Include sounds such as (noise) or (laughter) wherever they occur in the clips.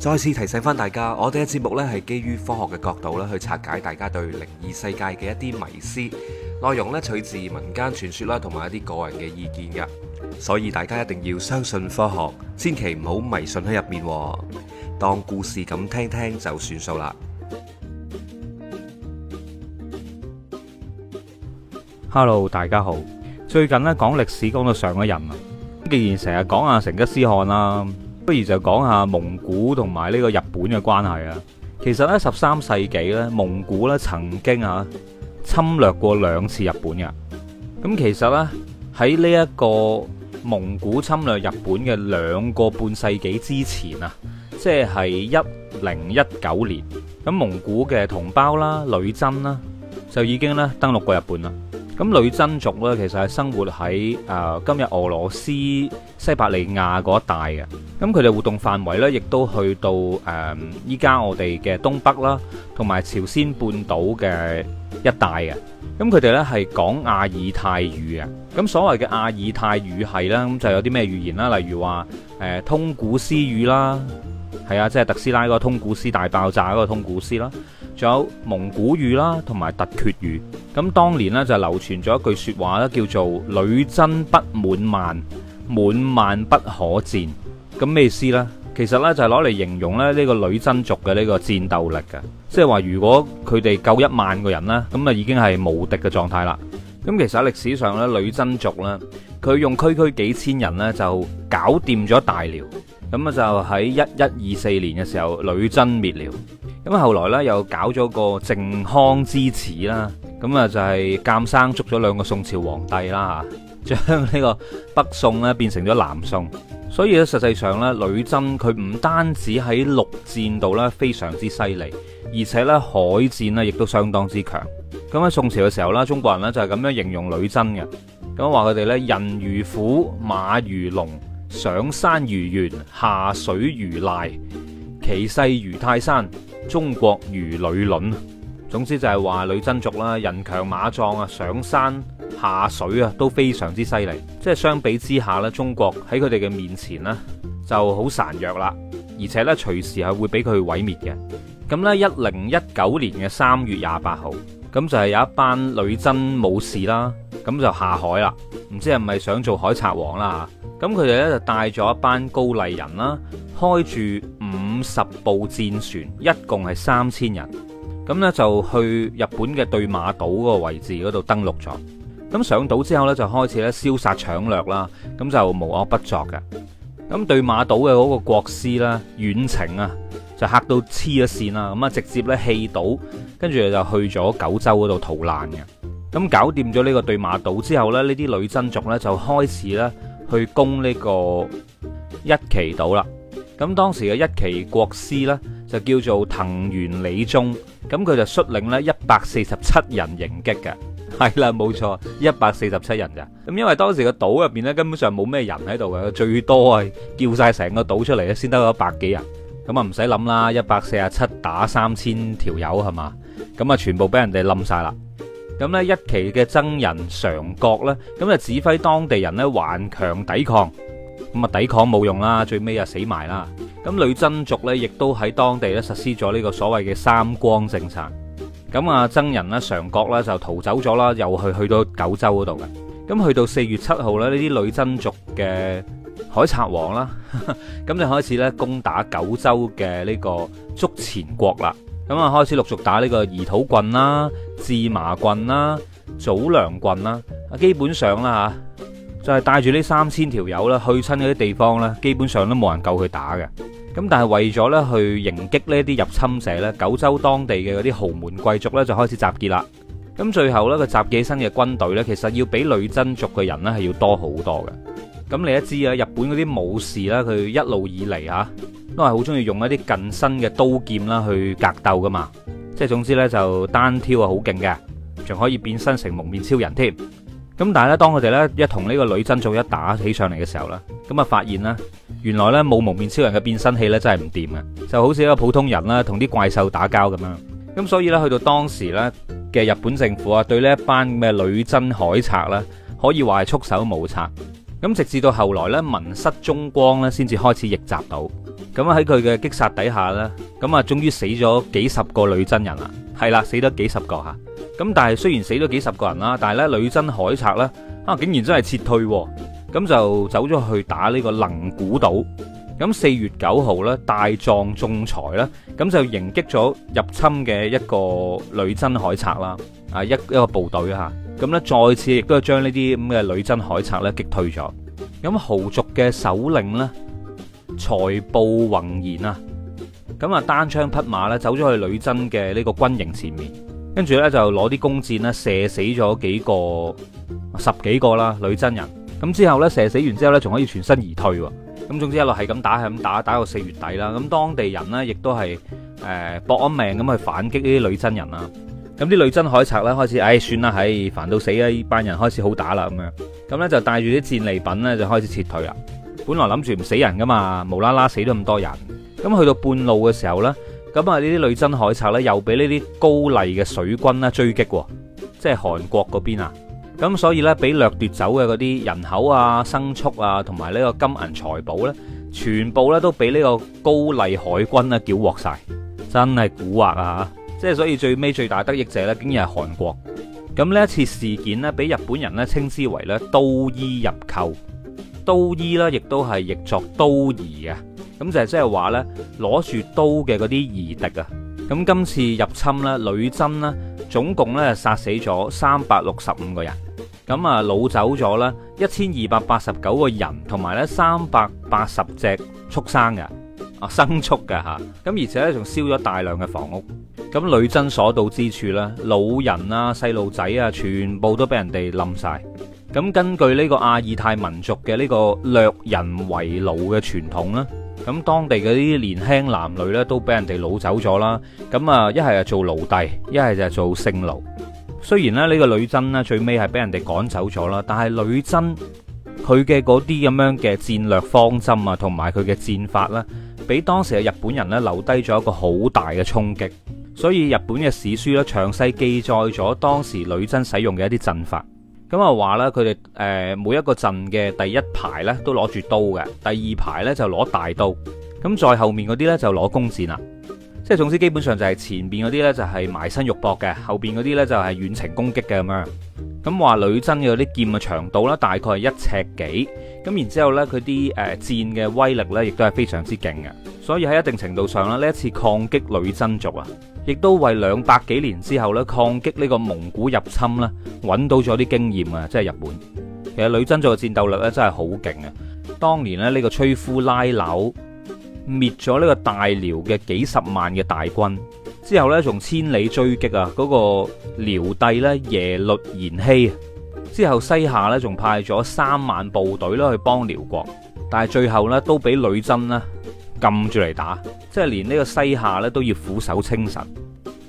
再次提醒翻大家，我哋嘅節目呢係基於科學嘅角度呢去拆解大家對靈異世界嘅一啲迷思，內容呢取自民間傳說啦，同埋一啲個人嘅意見嘅，所以大家一定要相信科學，千祈唔好迷信喺入面，當故事咁聽聽就算數啦。Hello，大家好，最近呢講歷史上上了了講到上個人啊，既然成日講阿成吉思汗啦、啊。不如就講下蒙古同埋呢個日本嘅關係啊。其實呢十三世紀咧，蒙古咧曾經吓、啊、侵略過兩次日本嘅。咁其實呢，喺呢一個蒙古侵略日本嘅兩個半世紀之前啊，即係一零一九年，咁蒙古嘅同胞啦、啊，女真啦、啊、就已經咧登陸過日本啦。咁女真族呢，其實係生活喺誒今日俄羅斯西伯利亞嗰一帶嘅。咁佢哋活動範圍呢，亦都去到誒依家我哋嘅東北啦，同埋朝鮮半島嘅一帶嘅。咁佢哋呢，係講亞爾泰語嘅。咁所謂嘅亞爾泰語系啦，咁就有啲咩語言啦，例如話誒通古斯語啦，係啊，即係特斯拉嗰個通古斯大爆炸嗰個通古斯啦，仲有蒙古語啦，同埋突厥語。咁當年咧就流傳咗一句説話咧，叫做女真不滿萬，滿萬不可戰。咁咩意思呢？其實呢，就係攞嚟形容咧呢個女真族嘅呢個戰鬥力嘅，即係話如果佢哋夠一萬個人咧，咁啊已經係無敵嘅狀態啦。咁其實喺歷史上咧，女真族呢，佢用區區幾千人呢，就搞掂咗大遼。咁啊就喺一一二四年嘅時候，女真滅遼。咁後來呢，又搞咗個靖康之恥啦。咁啊，就係鑑生捉咗兩個宋朝皇帝啦，嚇，將呢個北宋咧變成咗南宋。所以咧，實際上咧，女真佢唔單止喺陸戰度咧非常之犀利，而且咧海戰呢亦都相當之強。咁喺宋朝嘅時候咧，中國人咧就係咁樣形容女真嘅，咁話佢哋咧人如虎，馬如龍，上山如猿，下水如賴，其勢如泰山，中國如累卵。總之就係話女真族啦，人強馬壯啊，上山下水啊都非常之犀利。即係相比之下咧，中國喺佢哋嘅面前咧就好孱弱啦，而且咧隨時係會俾佢毀滅嘅。咁呢，一零一九年嘅三月廿八號，咁就係有一班女真武士啦，咁就下海啦。唔知係咪想做海賊王啦？咁佢哋咧就帶咗一班高麗人啦，開住五十部戰船，一共係三千人。咁呢，就去日本嘅對馬島嗰個位置嗰度登陸咗，咁上島之、啊、之後呢，就開始咧燒殺搶掠啦，咁就無惡不作嘅。咁對馬島嘅嗰個國司啦，遠程啊，就吓到黐咗線啦，咁啊直接咧棄島，跟住就去咗九州嗰度逃難嘅。咁搞掂咗呢個對馬島之後咧，呢啲女真族呢，就開始咧去攻呢個一岐島啦。咁當時嘅一岐國司呢，就叫做藤原理忠，咁佢就率領咧一百四十七人迎擊嘅，係啦冇錯，一百四十七人嘅，咁因為當時個島入邊咧根本上冇咩人喺度嘅，最多係叫晒成個島出嚟咧先得嗰百幾人，咁啊唔使諗啦，一百四十七打三千條友係嘛，咁啊全部俾人哋冧晒啦，咁咧一期嘅僧人常國咧，咁就指揮當地人咧頑強抵抗，咁啊抵抗冇用啦，最尾啊死埋啦。咁女真族咧，亦都喺當地咧實施咗呢個所謂嘅三光政策。咁啊，僧人咧、常國咧就逃走咗啦，又去去，去到九州嗰度嘅。咁去到四月七號咧，呢啲女真族嘅海賊王啦，咁 (laughs) 就開始咧攻打九州嘅呢個筑前國啦。咁啊，開始陸續打呢個怡土郡啦、志摩郡啦、早良郡啦。啊，基本上啦嚇。就係帶住呢三千條友啦，去親嗰啲地方咧，基本上都冇人夠佢打嘅。咁但係為咗咧去迎擊呢啲入侵者咧，九州當地嘅嗰啲豪門貴族咧就開始集結啦。咁最後咧，個集結起身嘅軍隊咧，其實要比女真族嘅人咧係要多好多嘅。咁你都知啊，日本嗰啲武士啦，佢一路以嚟啊都係好中意用一啲近身嘅刀劍啦去格鬥㗎嘛。即係總之咧，就單挑啊好勁嘅，仲可以變身成蒙面超人添。咁但係咧，當佢哋咧一同呢個女真族一打起上嚟嘅時候咧，咁啊發現咧，原來咧冇幪面超人嘅變身器咧真係唔掂呀，就好似一個普通人啦，同啲怪獸打交咁樣。咁所以咧，去到當時咧嘅日本政府啊，對呢一班咩女真海賊咧，可以話係束手無策。咁直至到後來咧，文室忠光咧，先至開始逆襲到。咁喺佢嘅擊殺底下咧，咁啊終於死咗幾十個女真人啦。係啦，死咗幾十個吓。咁但係雖然死咗幾十個人啦，但係咧女真海賊咧啊竟然真係撤退，咁就走咗去打呢個能古島。咁四月九號咧，大壯仲裁咧，咁就迎擊咗入侵嘅一個女真海賊啦，啊一一個部隊吓，咁咧再次亦都係將呢啲咁嘅女真海賊咧擊退咗。咁豪族嘅首領咧財布宏然啊，咁啊單槍匹馬咧走咗去女真嘅呢個軍營前面。跟住呢，就攞啲弓箭呢射，射死咗幾個十幾個啦女真人，咁之後呢，射死完之後呢，仲可以全身而退，咁總之一路係咁打係咁打，打到四月底啦，咁當地人呢，亦都係誒搏安命咁去反擊呢啲女真人啦，咁啲女真海賊呢，開始唉、哎、算啦唉、哎、煩到死啊，呢班人開始好打啦咁樣，咁呢，就帶住啲戰利品呢，就開始撤退啦，本來諗住唔死人㗎嘛，無啦啦死咗咁多人，咁去到半路嘅時候呢。咁啊！呢啲女真海賊呢，又俾呢啲高麗嘅水軍咧追擊，即係韓國嗰邊啊！咁所以呢，俾掠奪走嘅嗰啲人口啊、牲畜啊，同埋呢個金銀財寶呢，全部呢都俾呢個高麗海軍呢繳獲晒，真係蠱惑啊！即係所以最尾最大得益者呢，竟然係韓國。咁呢一次事件呢，俾日本人呢稱之為呢「刀伊入寇」，刀伊呢亦，亦都係譯作刀兒嘅。咁就係即係話呢，攞住刀嘅嗰啲夷狄啊。咁今次入侵呢，女真呢，總共呢，殺死咗三百六十五個人，咁啊擄走咗啦一千二百八十九個人，同埋呢三百八十隻畜生嘅啊生畜嘅嚇。咁而且呢，仲燒咗大量嘅房屋。咁女真所到之處呢，老人啊、細路仔啊，全部都俾人哋冧晒。咁根據呢個亞爾泰民族嘅呢個掠人為奴嘅傳統咧。咁當地嗰啲年輕男女呢，都俾人哋擄走咗啦。咁啊，一係就做奴隸，一係就做性奴。雖然呢，呢個女真呢，最尾係俾人哋趕走咗啦，但係女真佢嘅嗰啲咁樣嘅戰略方針啊，同埋佢嘅戰法呢，俾當時嘅日本人呢，留低咗一個好大嘅衝擊。所以日本嘅史書呢，詳細記載咗當時女真使用嘅一啲陣法。咁啊話咧，佢哋誒每一個陣嘅第一排咧都攞住刀嘅，第二排咧就攞大刀，咁再後面嗰啲咧就攞弓箭啦。即係總之，基本上就係前邊嗰啲咧就係埋身肉搏嘅，後邊嗰啲咧就係遠程攻擊嘅咁樣。咁話女真嘅啲劍嘅長度咧大概係一尺幾，咁然之後咧佢啲誒箭嘅威力咧亦都係非常之勁嘅。所以喺一定程度上啦，呢一次抗擊女真族啊，亦都為兩百幾年之後呢抗擊呢個蒙古入侵呢，揾到咗啲經驗啊！即係日本，其實女真族嘅戰鬥力呢，真係好勁啊！當年呢，呢、呢個吹呼拉柳滅咗呢個大遼嘅幾十萬嘅大軍，之後呢，仲千里追擊啊嗰個遼帝咧耶律延禧，之後西夏咧仲派咗三萬部隊咧去幫遼國，但係最後咧都俾女真啦。撳住嚟打，即係連呢個西夏咧都要俯首稱臣。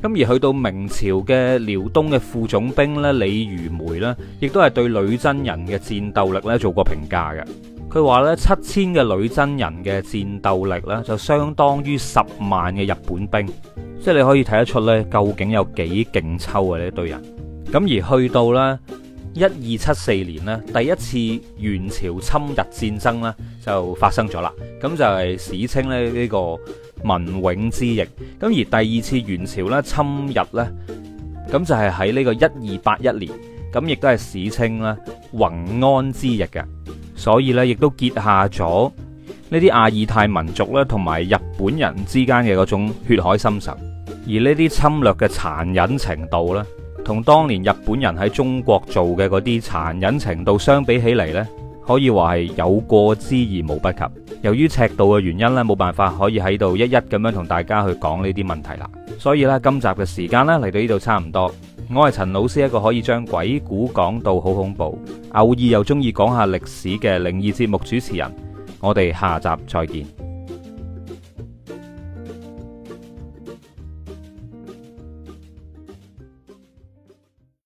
咁而去到明朝嘅遼東嘅副總兵咧，李如梅呢亦都係對女真人嘅戰鬥力咧做過評價嘅。佢話咧七千嘅女真人嘅戰鬥力咧就相當於十萬嘅日本兵，即係你可以睇得出咧究竟有幾勁抽啊呢一堆人。咁而去到呢。一二七四年咧，第一次元朝侵日戰爭咧就發生咗啦，咁就係、是、史稱咧呢個文永之役。咁而第二次元朝咧侵日呢，咁就係喺呢個一二八一年，咁亦都係史稱咧弘安之役嘅。所以呢，亦都結下咗呢啲阿爾泰民族咧同埋日本人之間嘅嗰種血海深仇，而呢啲侵略嘅殘忍程度呢。同當年日本人喺中國做嘅嗰啲殘忍程度相比起嚟呢，可以話係有過之而無不及。由於尺度嘅原因呢，冇辦法可以喺度一一咁樣同大家去講呢啲問題啦。所以呢，今集嘅時間呢嚟到呢度差唔多。我係陳老師，一個可以將鬼故講到好恐怖，偶爾又中意講下歷史嘅靈異節目主持人。我哋下集再見。